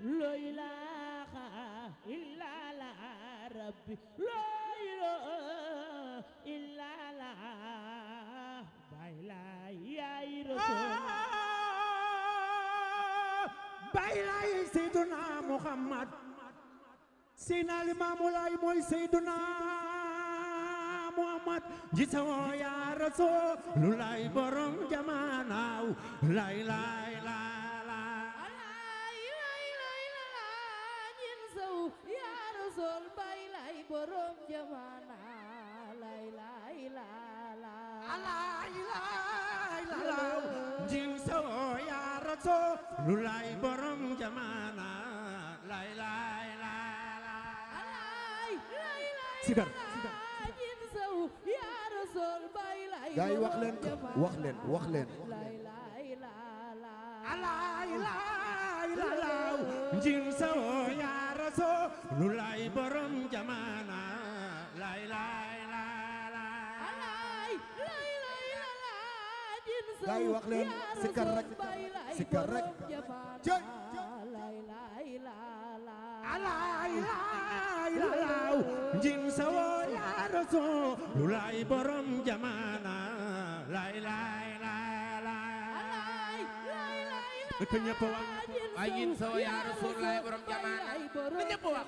laa ilaaha illa la rabbi laa ilaaha illa la bayla yaay rasul ah, bayla yi seyduna muhammad seyna limaamu laay mooy seyduna muhammad ji yaa rasul lu laay borom jamanaaw laay laay lu lay borom jamaana lay lay lay sikar gaay wax leen ko wax leen wax leen alay lay lalaw njim sawo ya rasul lu lay borom jamaana gaay wax leen sikar rek sikar rek jëj alaylalaw njim sawo ya rasulullah borom jamana laylaylalaw te ñëpp wax ay njim sawo ya rasulullah borom jamana te ñëpp wax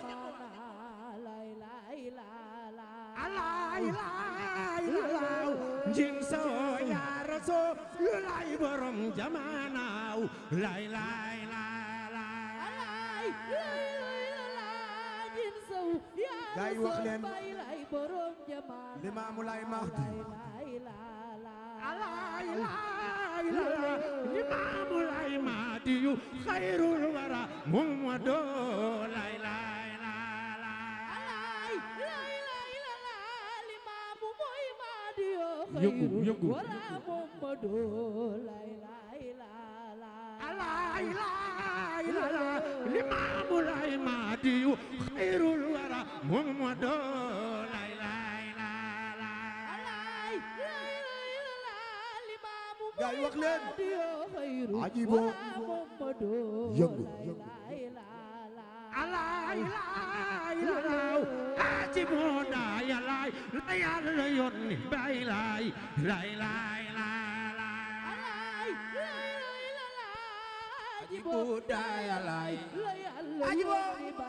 alaylalaw njim sawo ya so yu lay borom jamanaaw lay lay lay gaay wax leen Limaamu Laay Mahdi alay lay lay Limaamu Laay Mahdi yu xayrul wara Muhammadu lay lay lay lay lay Limaamu mooy Mahdi yu xayrul wara Ahmadu lay lay lay lay lay limaamu lay maadiyu xayrul wara Muhammadu lay lay lay limaamu lay maadiyu xayrul wara Muhammadu yëngu yëngu alaay laay laaw aati moo daaya laay layaal la yonni baay laay laay laay ibu daaya laay aji bo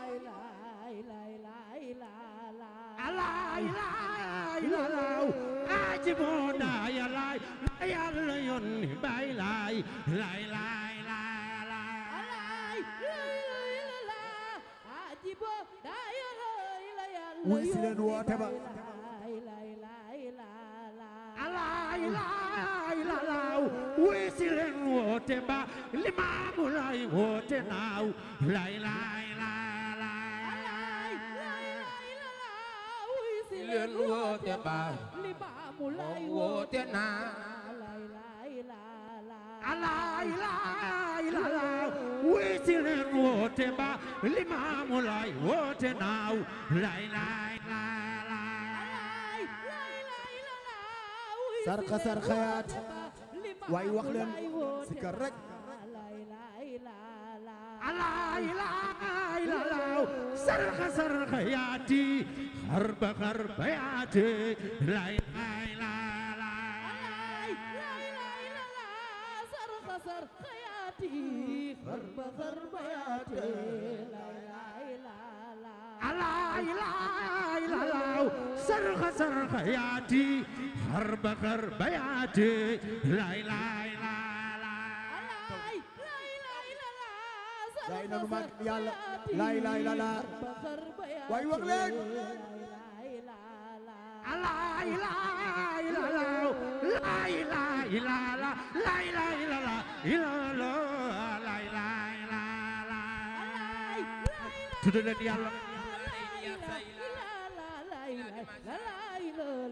alaay laay lalaw aji bo daaya laay la yàlla yónni baay laay laay laay laay wuy si leen woote ba alaay laay wuy si leen woote ba limaamu lay woote naaw lay lay lay wuy si leen woote ba limaamu lay woote naaw lay lay lay wuy si leen woote ba limaamu lay woote naaw lay lay lay sarxa sarxayaat waaye wax leen sikar rek alaa ilaa ilaa sarxa sarxa yaati xarba xarba yaati laa ilaa ilaa sarxa sarxa yaati xarba xarba yaati alaa ilaa ilaa sarxa sarxa yaati حرب غرب بيعتي لا لا لا لا لا لا يلا لا لا لا لا واي وغلين لا لا لا لا لا لا لا لا لا لا لا لا لا لا tudd leen yàlla la ilaha illallah la ilaha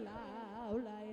illallah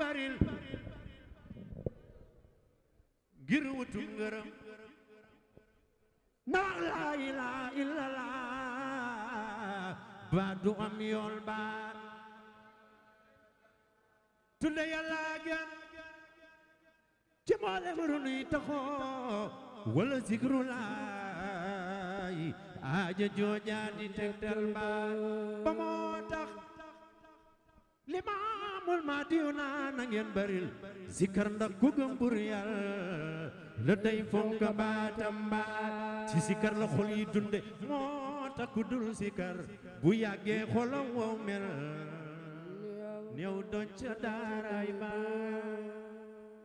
baril na wax laa ilaa laa ba du am yool baar tudde yàlla gën ci mboolem ru nuy taxoo wala zikru laay aaja jooja di tegtal baar limaamul maadiyu naa na ngeen baril zikkar ndax ku gëm la day fonk baatam baat ci zikkar la xol yi dunde moo tax dul zikkar bu yàggee xolam wow mel néew docc daaray ba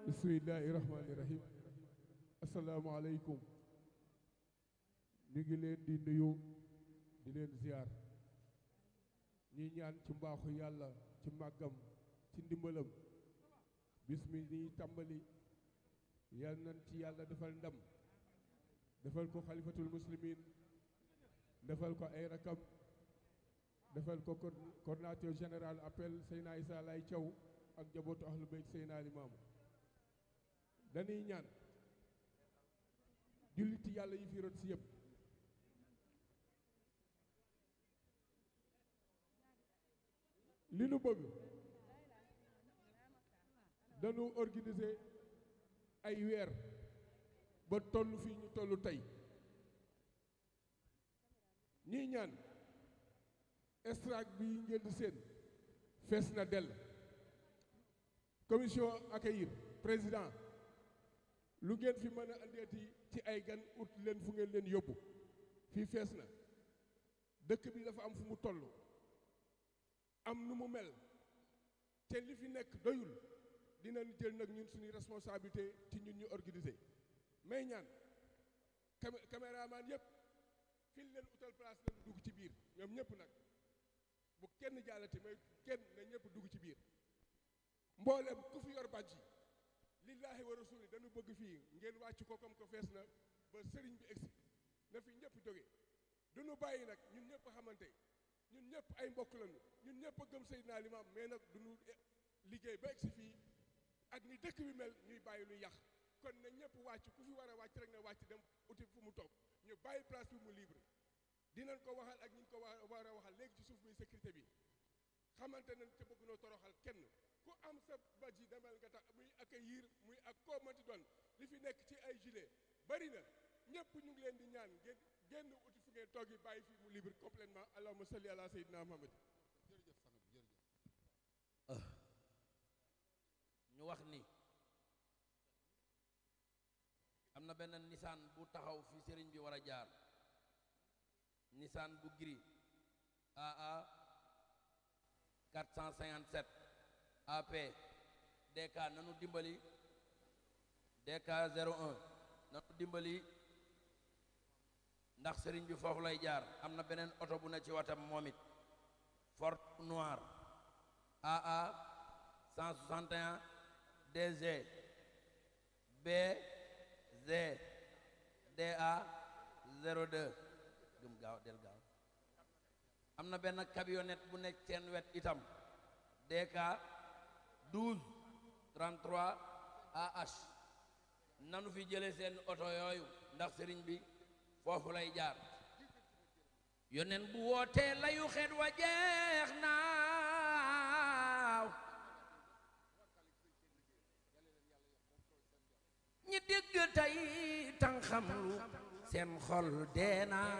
bismillahi rahmaani rahim assalaamu aleykum ñu ngi leen di nuyu di leen ziar ñi ñaan ci mbaaxu yàlla ci màggam ci ndimbalam bis mi ni tàmbali yal nañ ci yàlla defal ndam defal ko xalifatul muslimin defal ko ay rakam defal ko coordonnateur général appel Seyna Issa Lay ak jabootu ahlu bayt Seyna Limaamu dañuy ñaan julliti yàlla yi fi rot si yëpp li nu bëgg dañu organiser ay weer ba toll fii ñu tollu tey ñii ñaan estrade bi ngeen di séen fees na dell commission accueillir président lu ngeen fi mën a andeeti ci ay gan ut leen fu ngeen leen yóbbu fii fees na dëkk bi dafa am fu mu toll am nu mu mel te li fi nekk doyul dinañ jël nag ñun suñuy responsabilité ci ñun ñu organisé may ñaan cam caméraman yëpp fil leen utal place nañu dugg ci biir ñoom ñëpp nag bu kenn jàllati may kenn na ñëpp dugg ci biir mboolem ku fi yor bàjji lillaahi wa rasuli dañu bëgg fii ngeen wàcc ko comme ko fees na ba sëriñ bi egsi na fi ñëpp jóge duñu bàyyi nag ñun ñëpp xamante ñun ñëpp ay mbokk lañu ñun ñëpp a gëm Seydina Limaam mais nag du ñu eh, liggéey ba egsi fii ak ni dëkk bi mel ñuy bàyyi lu yàq kon na ñëpp wàcc ku fi war a wàcc rek na wàcc dem uti fu mu toog ñu bàyyi place bi mu libre dinañ ko waxal ak ñi ko war a waxal léegi ci suuf muy sécurité bi xamante nañ ca bëgg noo toroxal kenn ku am sa badge yi demal nga tax muy accueillir muy ak koo mënti doon li fi nekk ci ay gilet bari na ñëpp ñu ngi leen di ñaan ngeen génn uti fu ngeen toog yi bàyyi fi mu libre complètement allahumma salli ala sayyidina Muhammad jërëjëf sang bi jërëjëf ñu wax ni am na benn nisaan bu taxaw fi sëriñ bi war a jaar nisaan bu gris AA 457 AP DK nanu dimbali DK 01 nanu dimbali ndax sëriñ bi foofu lay jaar am na beneen oto bu ne ci watam moom it Ford Noir AA 161 d BZ DA 02 gëm gaaw del gaaw am na benn camionnette bu nekk seen wet itam DK 12 33 AH nanu fi jële seen oto yooyu ndax sëriñ bi foofu lay jaar yoneen bu wootee layu xet wa jeex naaw ñi dégg tey tan xam lu seen xol dee naa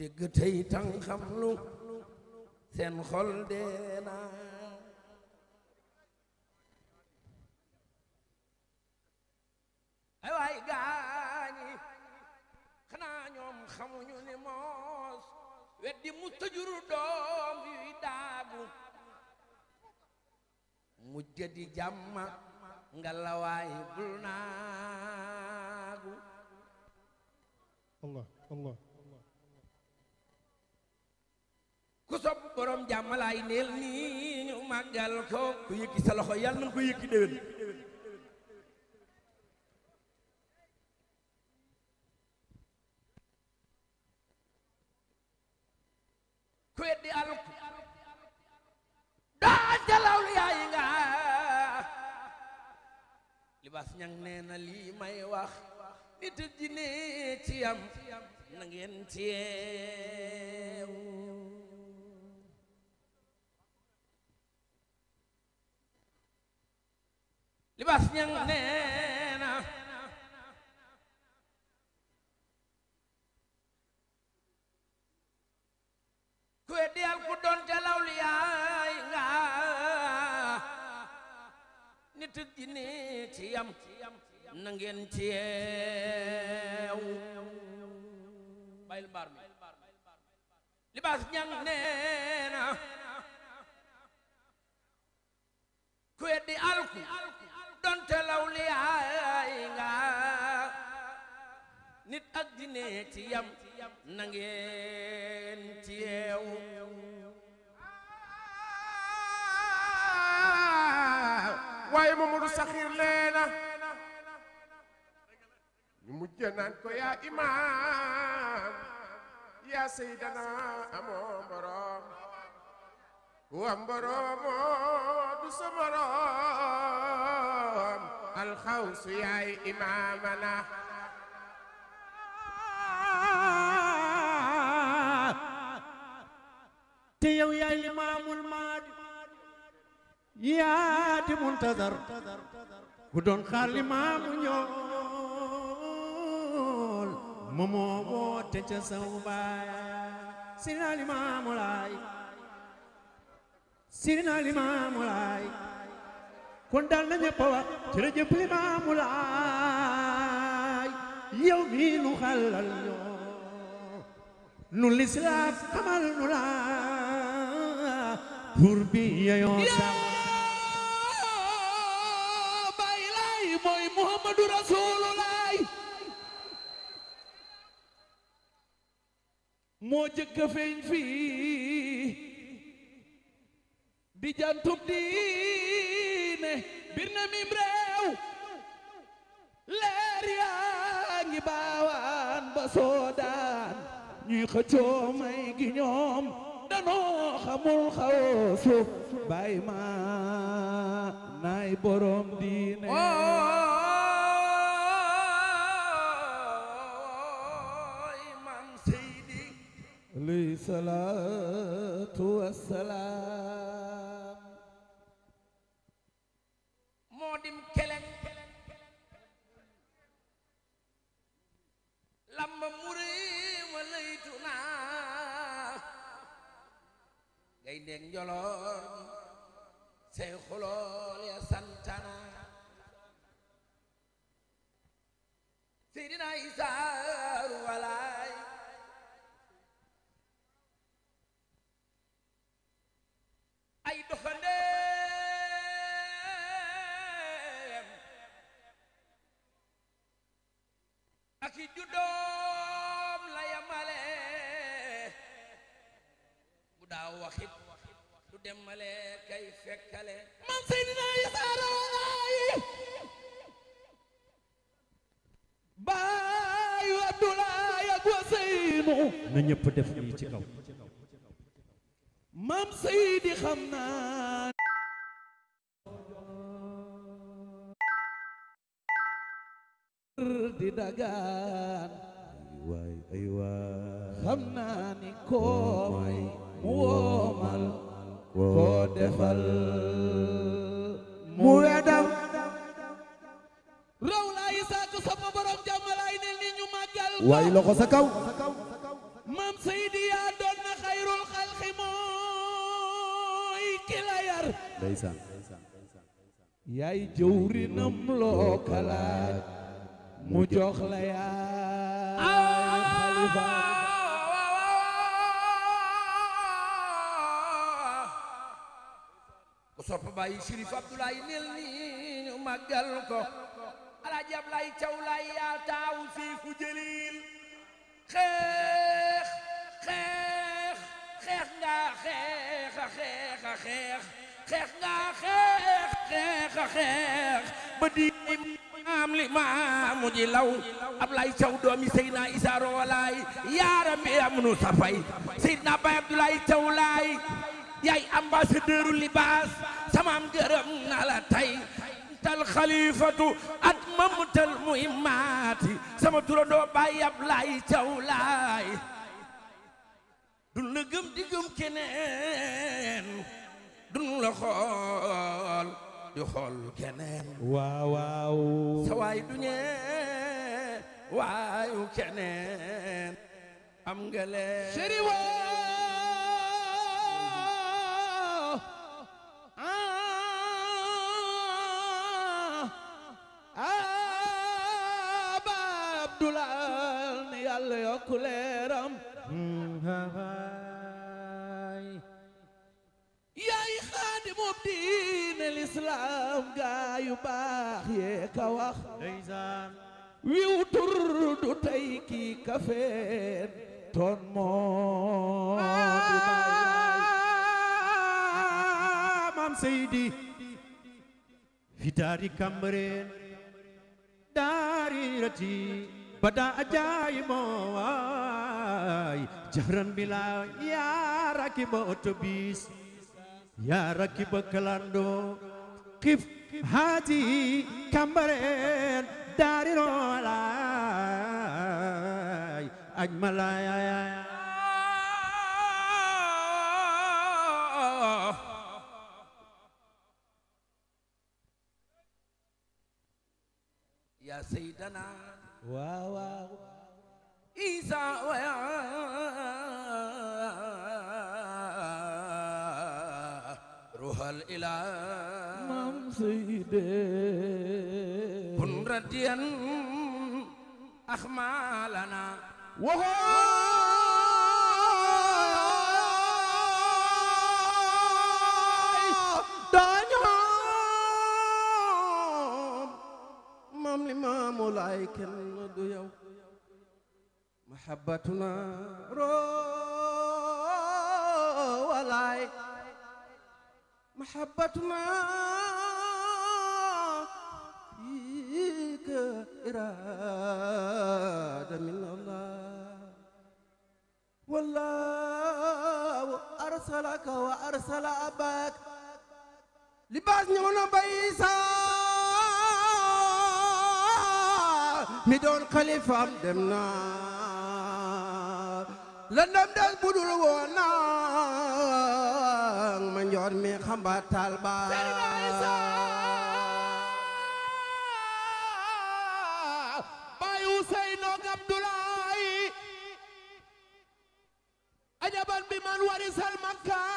dégg tey tan xam lu seen xol dee na ay waay gaañi xanaa ñoom xamuñu ni moos weddi mu tëjuru doom yuy daagu mujj di jàmma nga lawaay bul naagu ku sopp borom jàmmalaay neel nii ñu màggal ku yëkki sa loxo yàlla nañ ko yëkki ku weddi alk daa jalaw yaay nga libaas ñang nee na lii may wax nit ji ne ci am na ngeen teew ñang neena ku weddi yàlla ku doon te lawliyaay nga nit ak ci yam na ngeen ci yeew bayil baar mi libaas ñang neena ku weddi alku donte law liyaay nga nit ak dine ci yam na ci yeewu waaye Mamadou Saxiir leena ñu mujj naan ko yaa imaam yaa seydana amoo mborom wa mboromo du sa morom الخوص يا إمامنا تيو يا الإمام الماد يا دي منتظر ودون خال الإمام نيول ممو تجسو بايا سيدنا الإمام لاي سيدنا الإمام لاي kon daal na ñëpp a wax jërëjëf Limaamu Laay yow mii nu xalal ñoo nu lislaam xamal nu la pour bi yeyoo sax bay mooy Muhammadu Rasuulu Laay moo jëkk a feeñ fii di bir na mim yaa ngi baawaan ba soodaan ñuy xëccoo may gi ñoom danoo xamul xawoosu bay ma nay borom diine man seydi alayhi salaatu wassalaam njoloor say xulool ya ay doxandeem ak i juddoom la yamale mu daaw demmale kay fekkale man Seydina Isa Rawaay baayu Abdoulaay ak Waseynu na mu woomal koo defal mu wedal raw laa yi saako sama borom jàmmalaay ne li ñu màggal waay loxo sa kaw maam Seydi yaa doon xalqi mooy ki yar ndeysaan yaay jëwrinam loo kalaat mu jox la yaa xalifa ku sopp baay Chérif Abdoulaye nil nii ñu màggal ko Alaaji Ablaay Caw Laay yaa taawu Seefu Jaliil xeex xeex nga xeex a xeex a xeex xeex nga xeex xeex a xeex ba di am li maamu ji law Ablaay Caw doomi Seydina Isaa Roolaay yaaram bi am nu safay Seydina Baay Abdoulaye Caw Laay yaay ambassadeuru libaas samaam gërëm na la tey tal xalifatu at mamtal muhimmaati sama turandoo baay Ablaay Caw Laay dun la gëm di gëm keneen dun la xool di xool keneen waaw sa waay du ñee waayu keneen am nga yokku leeram yaay xaadimu diine lislaam gaa yu baax yee ka wax wiw tur du tey kii kafeen ton moo di baay ah, maam seydi fi daari kambareen daari rati بدا أجاي مواي جهرا بلا يا راكب أوتوبيس يا راكب كلاندو قف هادي كمبرين داري رولاي أجمل يا سيدنا waaw waaw isa waya ruhal ilah mam seyde bun radiyan axmalana waxo waay kenn du yow mahabbatuna roo walaay mahabbatuna fika irada min allah wallahu arsalaka wa arsala abak libaas ñëw na ba isa mi doon xalifaam dem na lëndëm des budul woon na ma mi xamba taal ba bay Useynu Abdulaay ajaban bi man warisal makka